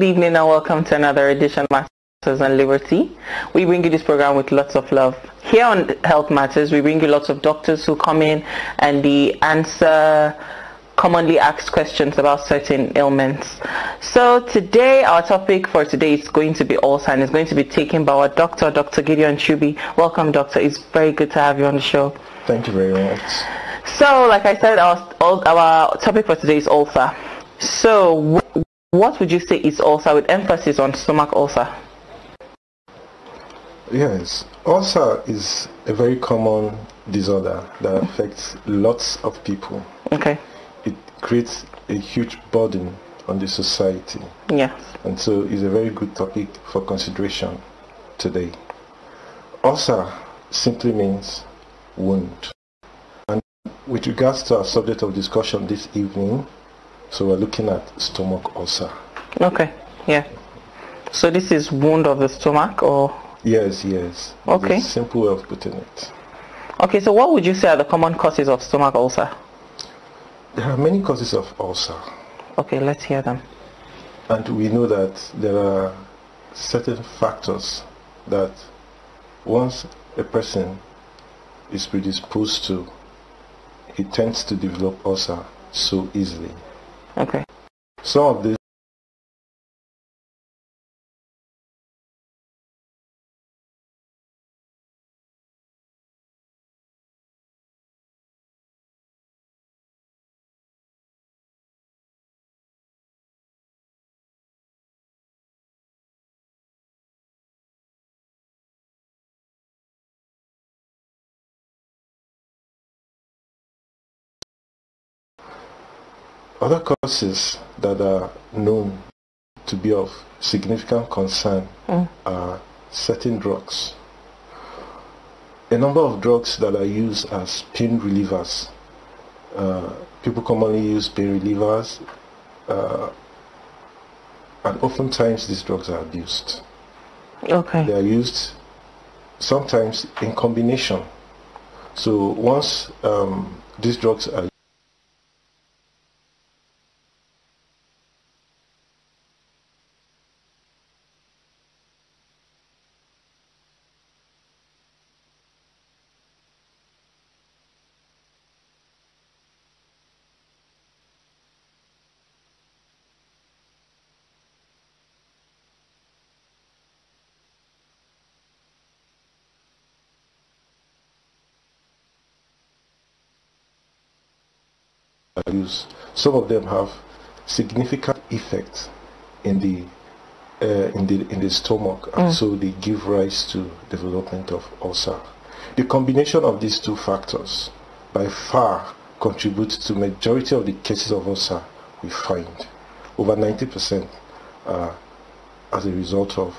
Good evening and welcome to another edition of Masters and Liberty. We bring you this program with lots of love. Here on Health Matters, we bring you lots of doctors who come in and they answer commonly asked questions about certain ailments. So today, our topic for today is going to be ulcer and it's going to be taken by our doctor, Dr. Gideon Chubi. Welcome, doctor. It's very good to have you on the show. Thank you very much. So, like I said, our, our topic for today is ulcer. So what would you say is ulcer with emphasis on stomach ulcer? Yes, ulcer is a very common disorder that affects lots of people. Okay. It creates a huge burden on the society. Yes. And so it's a very good topic for consideration today. Ulcer simply means wound. And with regards to our subject of discussion this evening, so we're looking at stomach ulcer. Okay. Yeah. So this is wound of the stomach or? Yes, yes. Okay. simple way of putting it. Okay, so what would you say are the common causes of stomach ulcer? There are many causes of ulcer. Okay, let's hear them. And we know that there are certain factors that once a person is predisposed to, he tends to develop ulcer so easily. Okay. Some of this. Other causes that are known to be of significant concern mm. are certain drugs. A number of drugs that are used as pain relievers. Uh, people commonly use pain relievers uh, and oftentimes these drugs are abused. Okay. They are used sometimes in combination. So once um, these drugs are Some of them have significant effects in the uh, in the in the stomach, and mm. so they give rise to development of ulcer. The combination of these two factors, by far, contributes to majority of the cases of ulcer we find. Over 90% uh, as a result of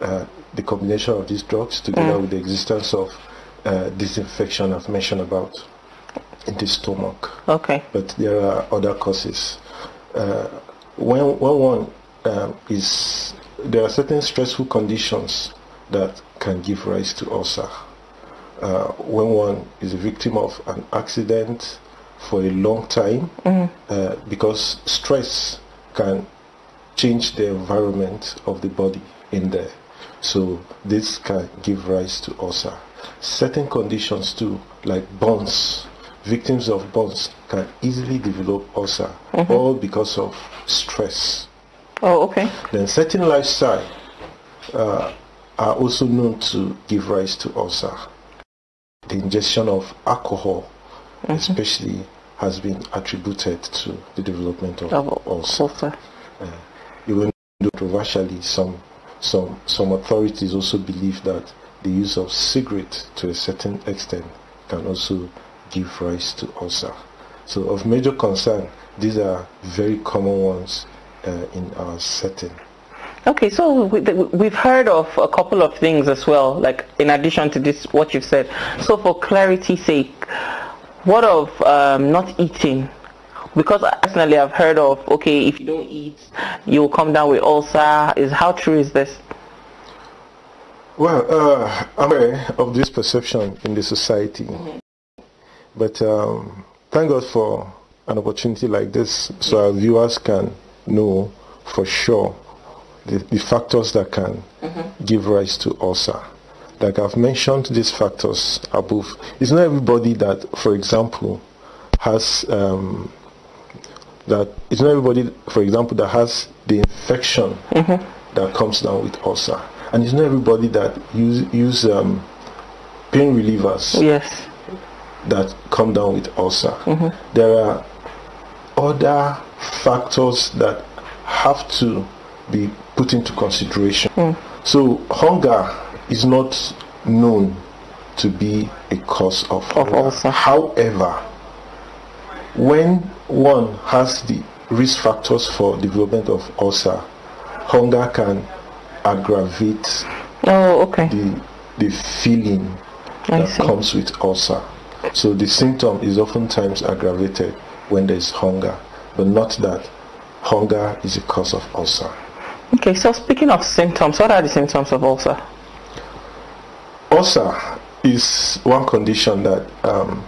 uh, the combination of these drugs together mm. with the existence of uh, disinfection I've mentioned about the stomach. Okay. But there are other causes. Uh, when, when one um, is, there are certain stressful conditions that can give rise to ulcer. Uh, when one is a victim of an accident for a long time, mm-hmm. uh, because stress can change the environment of the body in there. So this can give rise to ulcer. Certain conditions too, like burns, victims of burns can easily develop ulcer, mm-hmm. all because of stress. Oh, okay. Then certain lifestyle uh, are also known to give rise to ulcer. The ingestion of alcohol, mm-hmm. especially, has been attributed to the development of, of ulcer. Uh, even controversially, some some some authorities also believe that the use of cigarette to a certain extent can also give rise to ulcer. So of major concern, these are very common ones uh, in our setting. Okay, so we've heard of a couple of things as well, like in addition to this, what you've said. So for clarity's sake, what of um, not eating? Because personally, I've heard of okay, if you don't eat, you'll come down with ulcer. Is how true is this? Well, uh, I'm aware of this perception in the society. Mm -hmm. But um, thank God for an opportunity like this so our viewers can know for sure the, the factors that can mm-hmm. give rise to ulcer. Like I've mentioned these factors above. It's not everybody that, for example, has um, that it's not everybody, for example, that has the infection mm-hmm. that comes down with ulcer, and it's not everybody that use use um, pain relievers. Yes that come down with ulcer. Mm-hmm. There are other factors that have to be put into consideration. Mm. So hunger is not known to be a cause of, of ulcer. However, when one has the risk factors for development of ulcer, hunger can aggravate oh, okay. the, the feeling I that see. comes with ulcer. So the symptom is oftentimes aggravated when there is hunger, but not that hunger is a cause of ulcer. Okay, so speaking of symptoms, what are the symptoms of ulcer? Ulcer is one condition that um,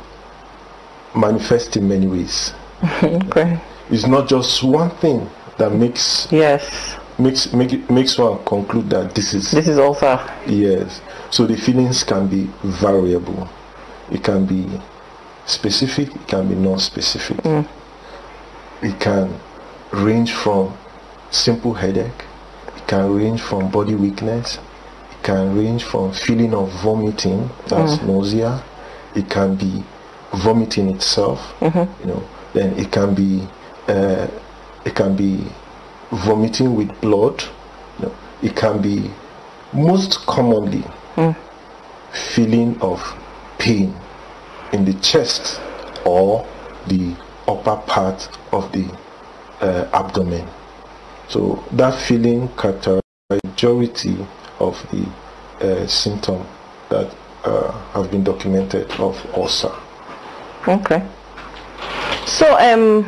manifests in many ways. Mm-hmm, okay. It's not just one thing that makes yes makes make, makes one conclude that this is this is ulcer. Yes. So the feelings can be variable. It can be specific, it can be non-specific. Mm. It can range from simple headache, it can range from body weakness, it can range from feeling of vomiting, that's mm. nausea, it can be vomiting itself, mm-hmm. you know, then it can be uh, it can be vomiting with blood, you know, it can be most commonly mm. feeling of pain in the chest or the upper part of the uh, abdomen. So that feeling characterizes majority of the uh, symptom that uh, have been documented of ulcer. Okay. So, um,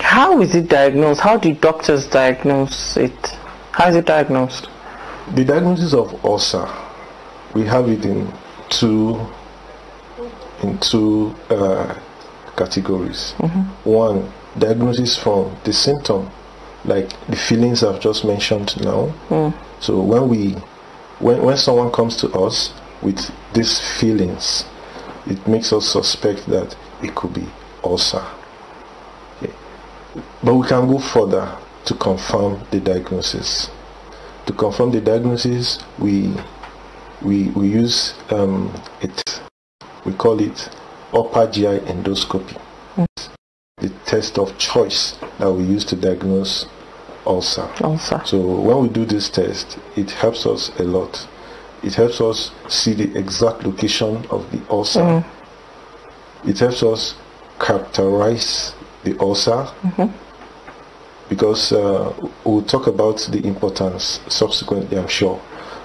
how is it diagnosed? How do doctors diagnose it? How is it diagnosed? The diagnosis of ulcer, we have it in two in two uh, categories. Mm-hmm. One, diagnosis from the symptom, like the feelings I've just mentioned now. Mm. So when we, when when someone comes to us with these feelings, it makes us suspect that it could be ulcer. But we can go further to confirm the diagnosis. To confirm the diagnosis, we we we use um, it we call it upper GI endoscopy. Yes. Mm. The test of choice that we use to diagnose ulcer. ulcer. So when we do this test, it helps us a lot. It helps us see the exact location of the ulcer. Mm. It helps us characterize the ulcer mm -hmm. because uh, we'll talk about the importance subsequently, I'm sure.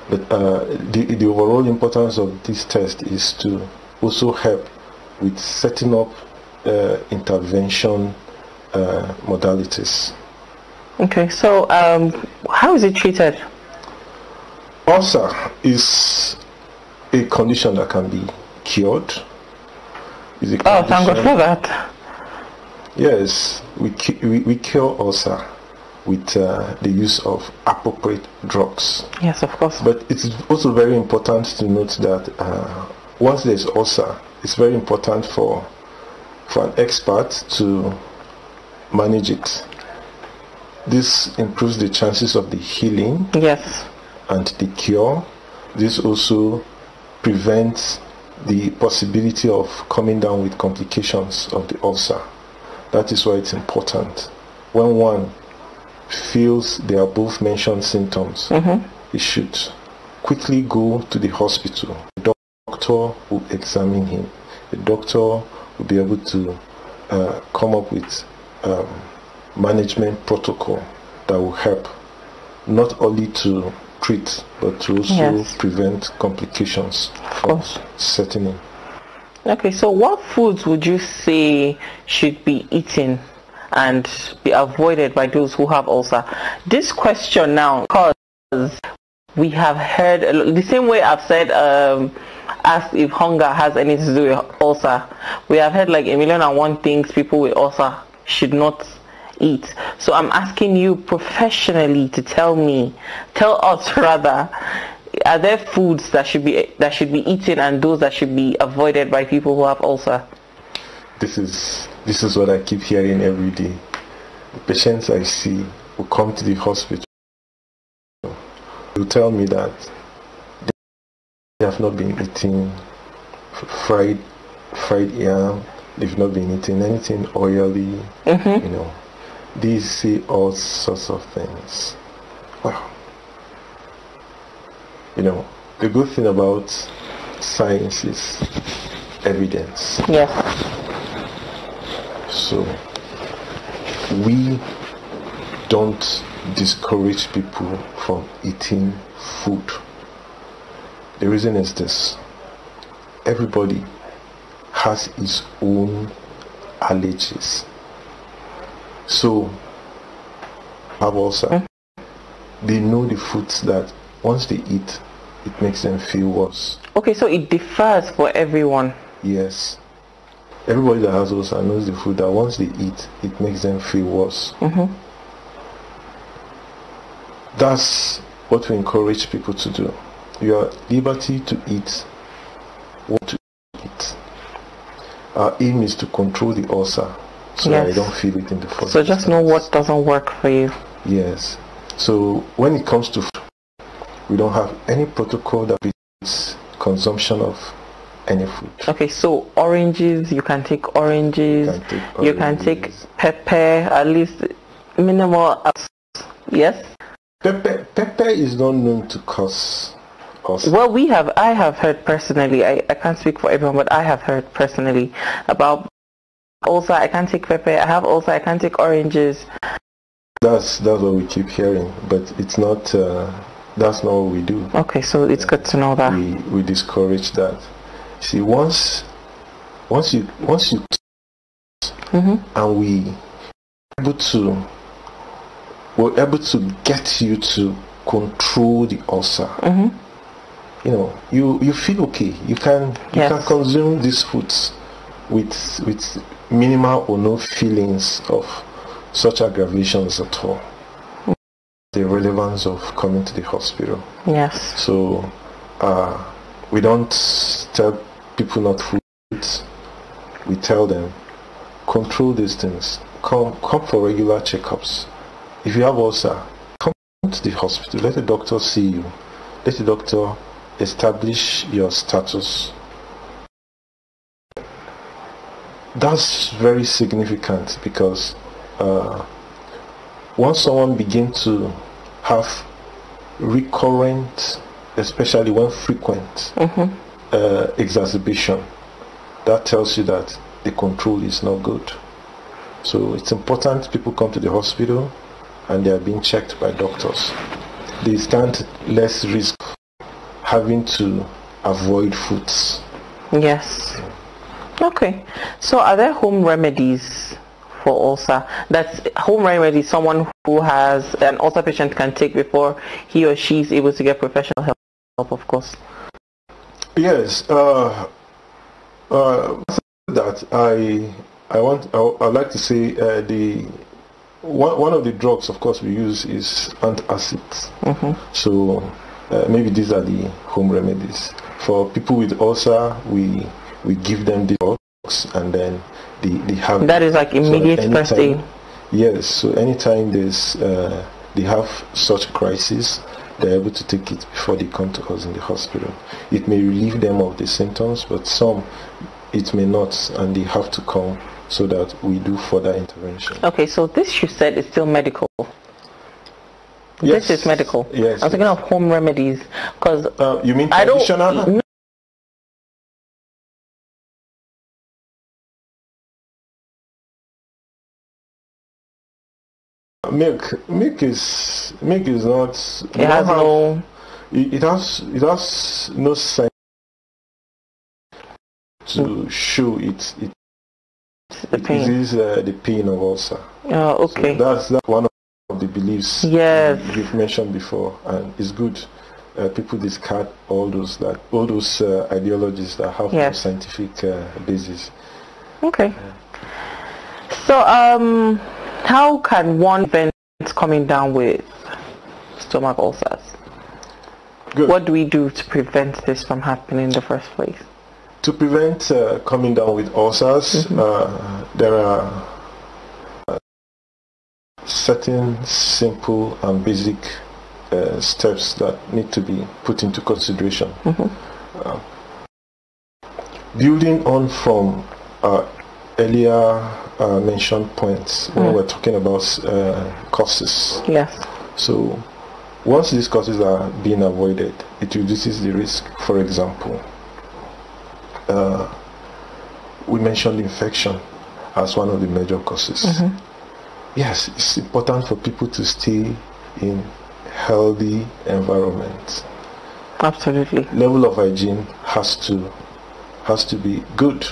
But uh, the, the overall importance of this test is to also help with setting up uh, intervention uh, modalities. Okay, so um, how is it treated? Ulcer is a condition that can be cured. Is a oh, thank God for that. Yes, we, we, we cure ulcer with uh, the use of appropriate drugs. Yes, of course. But it's also very important to note that uh, once there's ulcer, it's very important for for an expert to manage it. This improves the chances of the healing. Yes. And the cure. This also prevents the possibility of coming down with complications of the ulcer. That is why it's important. When one feels the above mentioned symptoms, mm-hmm. it should quickly go to the hospital doctor will examine him. The doctor will be able to uh, come up with um, management protocol that will help not only to treat but to also yes. prevent complications from oh. setting in. Okay, so what foods would you say should be eaten and be avoided by those who have ulcer? This question now, because we have heard the same way I've said um, ask if hunger has anything to do with ulcer. We have heard like a million and one things people with ulcer should not eat. So I'm asking you professionally to tell me, tell us rather, are there foods that should be that should be eaten and those that should be avoided by people who have ulcer? This is this is what I keep hearing every day. The patients I see who come to the hospital will tell me that they have not been eating fried fried yam. They've not been eating anything oily. Mm-hmm. You know, they see all sorts of things. Wow. You know, the good thing about science is evidence. Yeah. So we don't discourage people from eating food the reason is this everybody has his own allergies. So, have eh? also they know the foods that once they eat, it makes them feel worse. Okay, so it differs for everyone. Yes. Everybody that has ulcer knows the food that once they eat, it makes them feel worse. Mm-hmm. That's what we encourage people to do your liberty to eat what to eat. Our aim is to control the ulcer so yes. that I don't feel it in the first So just know what doesn't work for you. Yes. So when it comes to food, we don't have any protocol that beats consumption of any food. Okay, so oranges, you can take oranges, you can take, oranges. You can take pepper, at least minimal. Yes? Pepper, pepper is not known to cause well, we have, I have heard personally, I, I can't speak for everyone, but I have heard personally about ulcer, I can't take pepper, I have ulcer, I can't take oranges. That's, that's what we keep hearing, but it's not, uh, that's not what we do. Okay, so it's good to know that. We, we discourage that. See, once, once you, once you, mm-hmm. and we able to, we're able to get you to control the ulcer. Mm-hmm you know you you feel okay you can you yes. can consume these foods with with minimal or no feelings of such aggravations at all the relevance of coming to the hospital yes so uh, we don't tell people not food we tell them control these things come come for regular checkups if you have ulcer come to the hospital let the doctor see you let the doctor establish your status. That's very significant because uh, once someone begins to have recurrent, especially when frequent, mm-hmm. uh, exacerbation, that tells you that the control is not good. So it's important people come to the hospital and they are being checked by doctors. They stand less risk having to avoid foods. Yes. Okay. So are there home remedies for ulcer? That's home remedy someone who has an ulcer patient can take before he or she is able to get professional help, of course. Yes. Uh, uh, that I I want I, would like to say uh, the one, one of the drugs of course we use is antacids. Mm -hmm. So uh, maybe these are the home remedies. For people with ulcer, we we give them the detox and then the the have that is like immediate so first aid. Yes, so anytime there's uh, they have such crisis, they're able to take it before they come to us in the hospital. It may relieve them of the symptoms, but some it may not, and they have to come so that we do further intervention. Okay, so this you said is still medical. Yes. This is medical. Yes. I'm thinking of home remedies because uh, you mean traditional? I don't, Milk, milk is milk is not. It has have, no. It, it has it has no sign to show it. it It is uh, the pain of ulcer. Oh, okay. So that's that one. Of of the beliefs yes. you've mentioned before, and it's good uh, people discard all those that all those uh, ideologies that have yes. no scientific uh, basis. Okay. So, um, how can one prevent coming down with stomach ulcers? Good. What do we do to prevent this from happening in the first place? To prevent uh, coming down with ulcers, mm-hmm. Uh, there are certain simple and basic uh, steps that need to be put into consideration. Mm-hmm. Uh, building on from uh, earlier mentioned points mm. when we're talking about uh, causes, Yes. So once these causes are being avoided, it reduces the risk. For example, uh, we mentioned infection as one of the major causes. Mm-hmm yes, it's important for people to stay in healthy environment. Absolutely. Level of hygiene has to has to be good.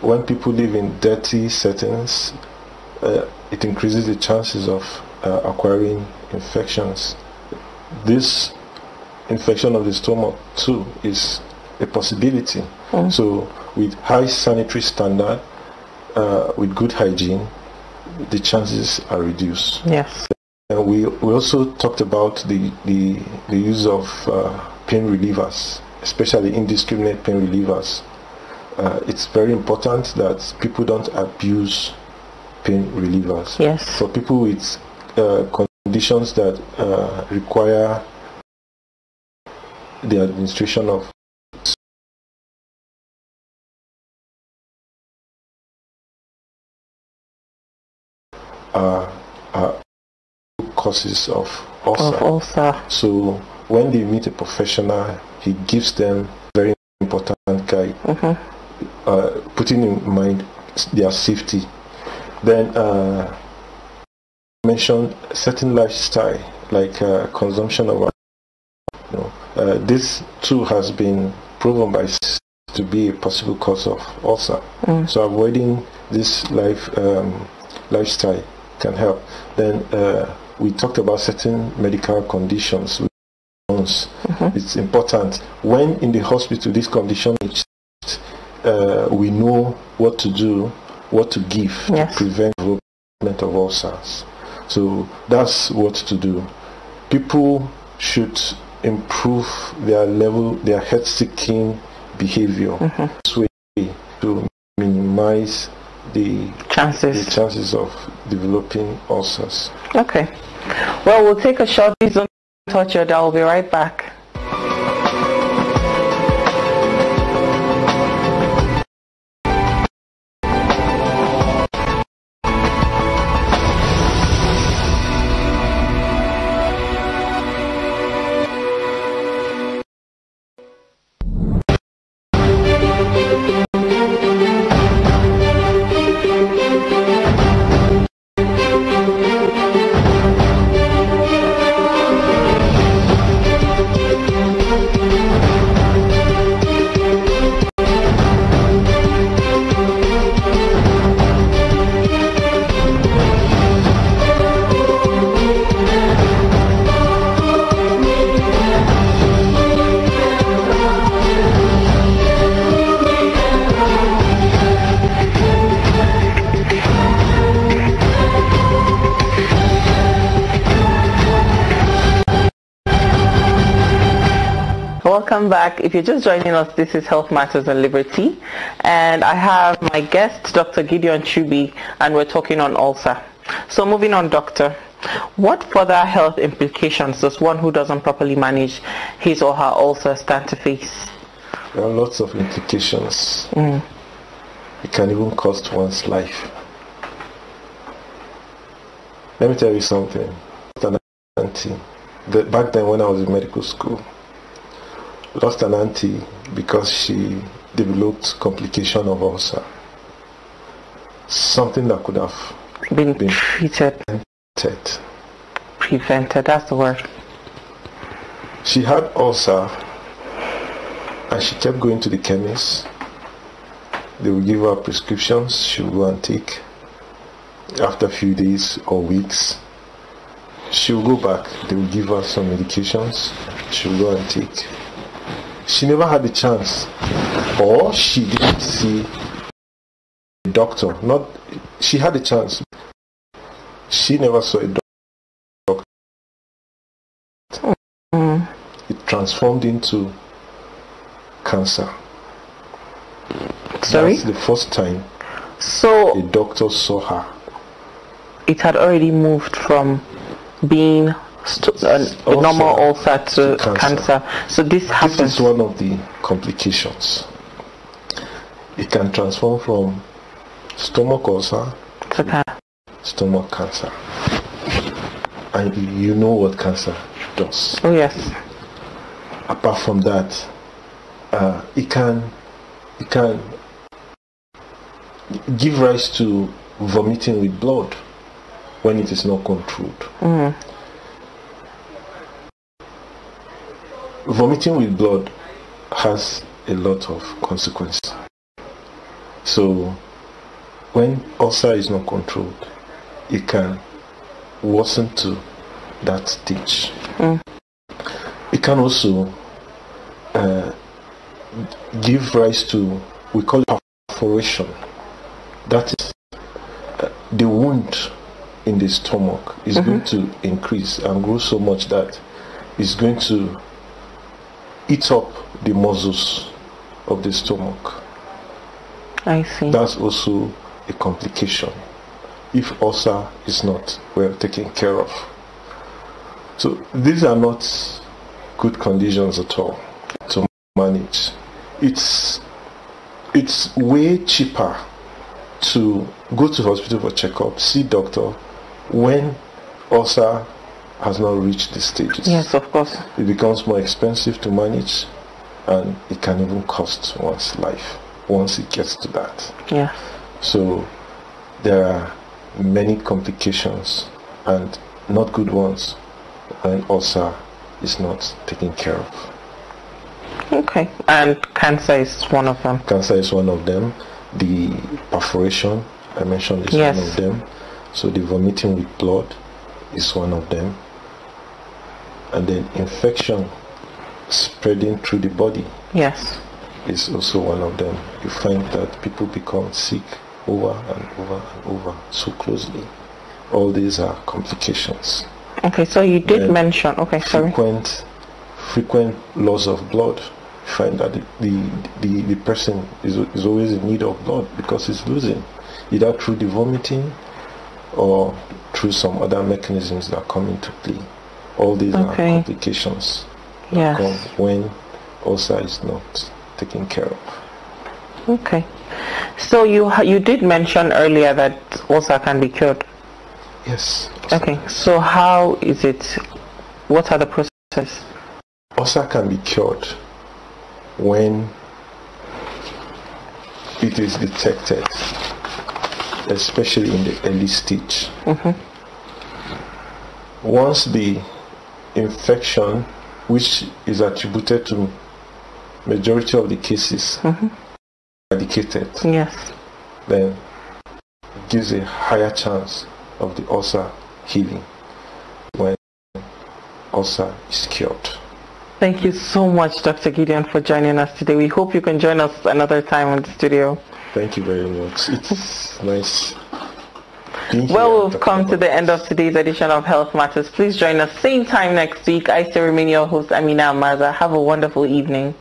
When people live in dirty settings, uh, it increases the chances of uh, acquiring infections. This infection of the stomach too is a possibility. Mm. So, with high sanitary standard, uh, with good hygiene, the chances are reduced. Yes. And we, we also talked about the, the, the use of uh, pain relievers, especially indiscriminate pain relievers. Uh, it's very important that people don't abuse pain relievers. Yes. For people with uh, conditions that uh, require the administration of causes of ulcer. Of So when they meet a professional, he gives them very important guide, mm-hmm. uh, putting in mind their safety. Then uh, mention certain lifestyle like uh, consumption of alcohol. uh, this too has been proven by to be a possible cause of ulcer. Mm. So avoiding this life um, lifestyle can help. Then uh, we talked about certain medical conditions. Mm-hmm. It's important. When in the hospital, this condition uh, we know what to do, what to give yes. to prevent development of ulcers. So that's what to do. People should improve their level, their health-seeking behavior. Mm-hmm. This way to minimize the chances the chances of developing ulcers. Okay. Well, we'll take a short break. Don't touch your dial. We'll be right back. welcome back. If you're just joining us, this is Health Matters and Liberty. And I have my guest, Dr. Gideon Chubi, and we're talking on ulcer. So moving on, doctor, what further health implications does one who doesn't properly manage his or her ulcer stand to face? There are lots of implications. Mm. It can even cost one's life. Let me tell you something. The, back then when I was in medical school, lost an auntie because she developed complication of ulcer. Something that could have been, been treated. Prevented. prevented, that's the word. She had ulcer and she kept going to the chemist. They would give her prescriptions she would go and take. After a few days or weeks, she would go back. They would give her some medications she would go and take. She never had a chance, or she didn't see a doctor. Not she had a chance. She never saw a doctor. Mm. It transformed into cancer. Sorry? That's the first time. So a doctor saw her. It had already moved from being st- uh, normal ulcer to, to cancer. cancer. So this, happens. This is one of the complications. It can transform from stomach ulcer to, stomach cancer. And you know what cancer does. Oh yes. Apart from that, uh, it can it can give rise to vomiting with blood when it is not controlled. Mm. vomiting with blood has a lot of consequences. So when ulcer is not controlled, it can worsen to that stage. Mm. It can also uh, give rise to we call it perforation. That is uh, the wound in the stomach is mm -hmm. going to increase and grow so much that it's going to Eat up the muscles of the stomach. I see. That's also a complication if ulcer is not well taken care of. So these are not good conditions at all to manage. It's it's way cheaper to go to hospital for checkup, see doctor when ulcer has now reached the stages. Yes, of course. It becomes more expensive to manage and it can even cost one's life once it gets to that. Yeah. So there are many complications and not good ones and ulcer is not taken care of. Okay, and cancer is one of them. Cancer is one of them. The perforation, I mentioned, is yes. one of them. So the vomiting with blood is one of them and then infection spreading through the body. Yes. Is also one of them. You find that people become sick over and over and over so closely. All these are complications. Okay, so you did then mention. Okay, sorry. Frequent, frequent loss of blood. You find that the the, the, the person is, is always in need of blood because he's losing, either through the vomiting or through some other mechanisms that come into play. All these okay. are complications yes. come when ulcer is not taken care of. Okay. So you you did mention earlier that ulcer can be cured. Yes. Okay. So how is it? What are the processes? Ulcer can be cured when it is detected, especially in the early stage. Mm-hmm. Once the infection, which is attributed to majority of the cases mm-hmm. medicated. Yes. Then it gives a higher chance of the ulcer healing when ulcer is cured. Thank you so much, Dr. Gideon, for joining us today. We hope you can join us another time on the studio. Thank you very much. It's nice well, we've come to the end of today's edition of Health Matters. Please join us same time next week. I still remain your host, Amina Amaza. Have a wonderful evening.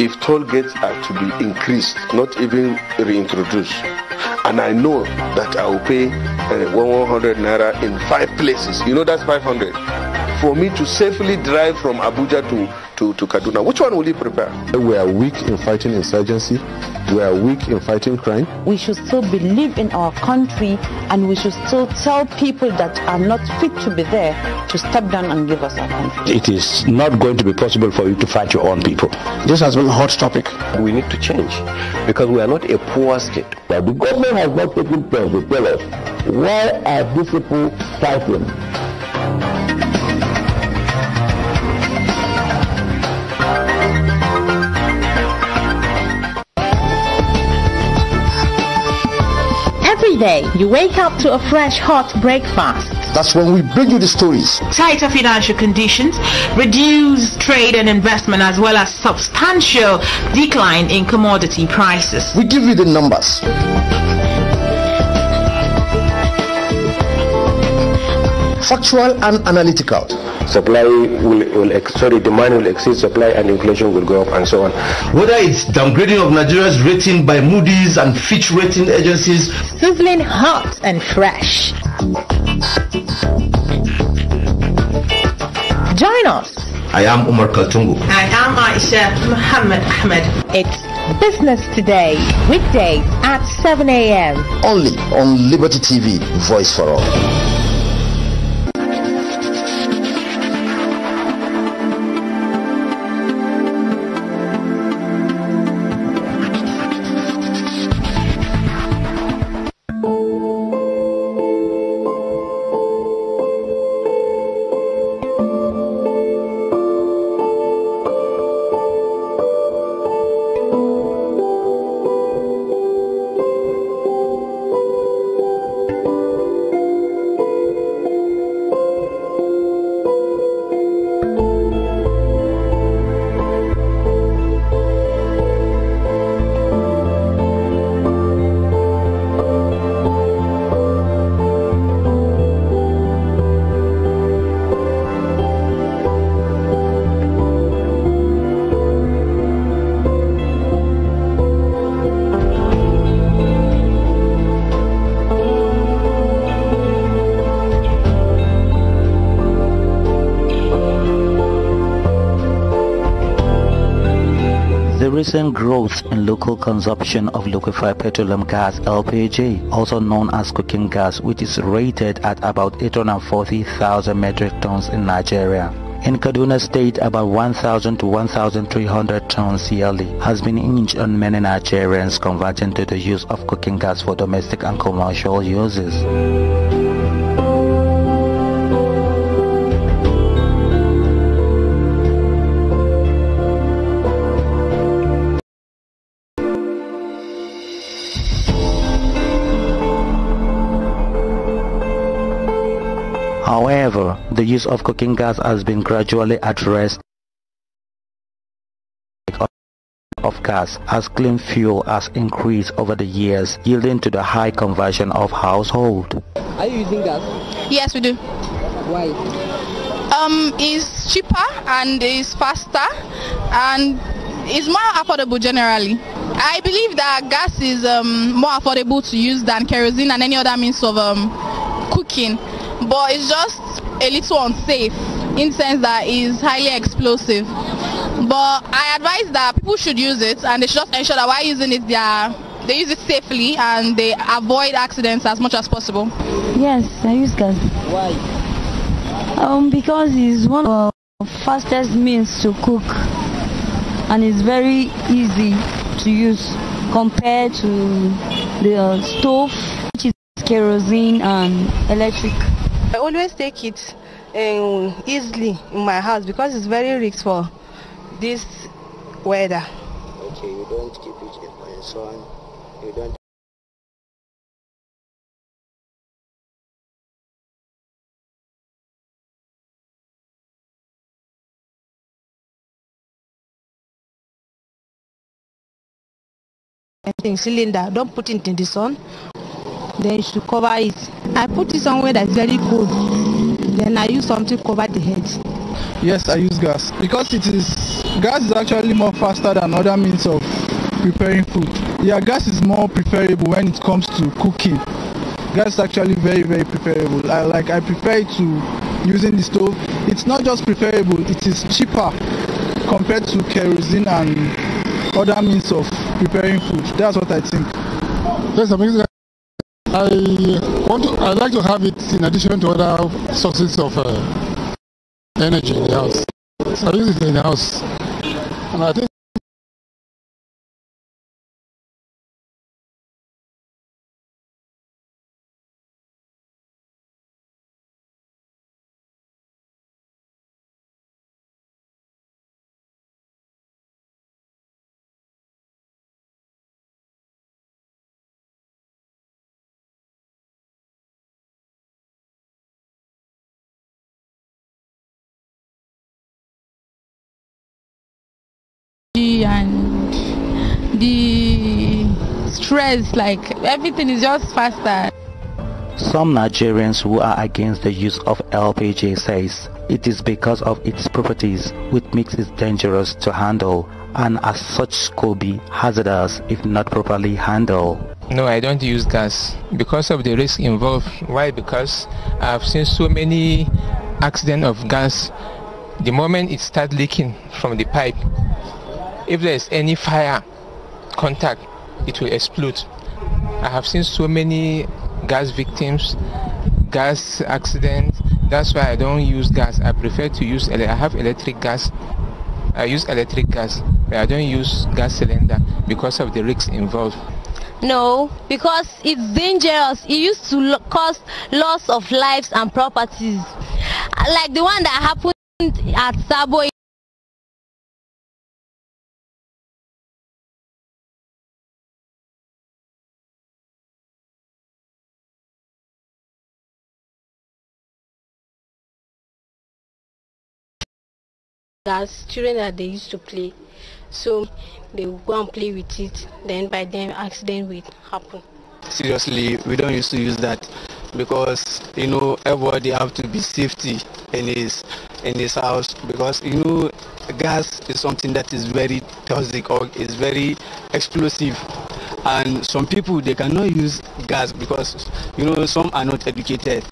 if toll gates are to be increased, not even reintroduced, and I know that I will pay uh, 100 naira in five places, you know that's 500 for me to safely drive from Abuja to, to, to Kaduna? Which one will you prepare? We are weak in fighting insurgency. We are weak in fighting crime. We should still believe in our country and we should still tell people that are not fit to be there to step down and give us our country. It is not going to be possible for you to fight your own people. This has been a hot topic. We need to change because we are not a poor state. The government has not taken time to tell us why are these people fighting? Every day, you wake up to a fresh hot breakfast. That's when we bring you the stories. Tighter financial conditions, reduced trade and investment, as well as substantial decline in commodity prices. We give you the numbers. Factual and analytical supply will, will sorry, demand will exceed supply and inflation will go up and so on. Whether it's downgrading of Nigeria's rating by Moody's and Fitch rating agencies, sizzling hot and fresh. Join us. I am Umar Kaltungu. I am Aisha Muhammad Ahmed. It's Business Today, weekdays at 7 a.m. Only on Liberty TV, Voice for All. recent growth in local consumption of liquefied petroleum gas LPG, also known as cooking gas, which is rated at about 840,000 metric tons in Nigeria. In Kaduna State, about 1,000 to 1,300 tons yearly has been inched on many Nigerians converting to the use of cooking gas for domestic and commercial uses. use of cooking gas has been gradually addressed of gas as clean fuel has increased over the years, yielding to the high conversion of household. Are you using gas? Yes, we do. Why? Um, it's cheaper and it's faster and it's more affordable generally. I believe that gas is um, more affordable to use than kerosene and any other means of um, cooking but it's just a little unsafe in the sense that it's highly explosive. But I advise that people should use it and they should just ensure that while using it, they, are, they use it safely and they avoid accidents as much as possible. Yes, I use gas. Why? Um, because it's one of the fastest means to cook and it's very easy to use compared to the stove which is kerosene and electric. I always take it um, easily in my house because it's very rich for this weather. Okay, you don't keep it in sun. You don't. in cylinder don't put it in the sun then you should cover it i put it somewhere that's very cold then i use something cover the head yes i use gas because it is gas is actually more faster than other means of preparing food yeah gas is more preferable when it comes to cooking gas is actually very very preferable I, like i prefer to using the stove it's not just preferable it is cheaper compared to kerosene and other means of preparing food that's what i think that's amazing I want to, I'd like to have it in addition to other sources of uh, energy in the house. So I use it in the house. And I think stress, like everything is just faster. Some Nigerians who are against the use of LPG says it is because of its properties which makes it dangerous to handle and as such could be hazardous if not properly handled. No, I don't use gas because of the risk involved. Why? Because I've seen so many accidents of gas. The moment it starts leaking from the pipe, if there is any fire contact, it will explode. I have seen so many gas victims, gas accidents. That's why I don't use gas. I prefer to use. I have electric gas. I use electric gas. I don't use gas cylinder because of the risks involved. No, because it's dangerous. It used to lo cause loss of lives and properties, like the one that happened at Sabo. That's children that they used to play. So they go and play with it. Then by then accident will happen. Seriously, we don't used to use that because you know everybody have to be safety in his in his house because you know gas is something that is very toxic or is very explosive and some people they cannot use gas because you know some are not educated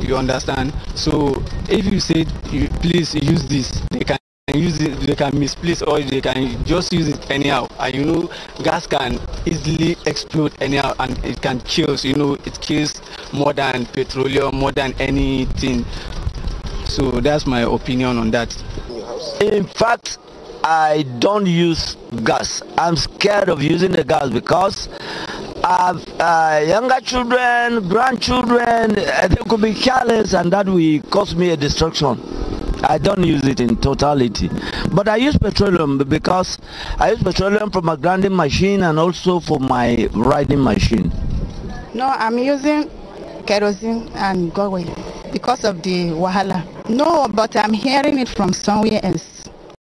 you understand so if you say you, please use this they can use it they can misplace or they can just use it anyhow and you know gas can easily explode anyhow and it can kill so you know it kills more than petroleum more than anything so that's my opinion on that in fact i don't use gas i'm scared of using the gas because uh, uh, younger children, grandchildren, uh, they could be careless and that will cause me a destruction. I don't use it in totality. But I use petroleum because I use petroleum for my grinding machine and also for my riding machine. No, I'm using kerosene and gasoline because of the wahala. No, but I'm hearing it from somewhere else.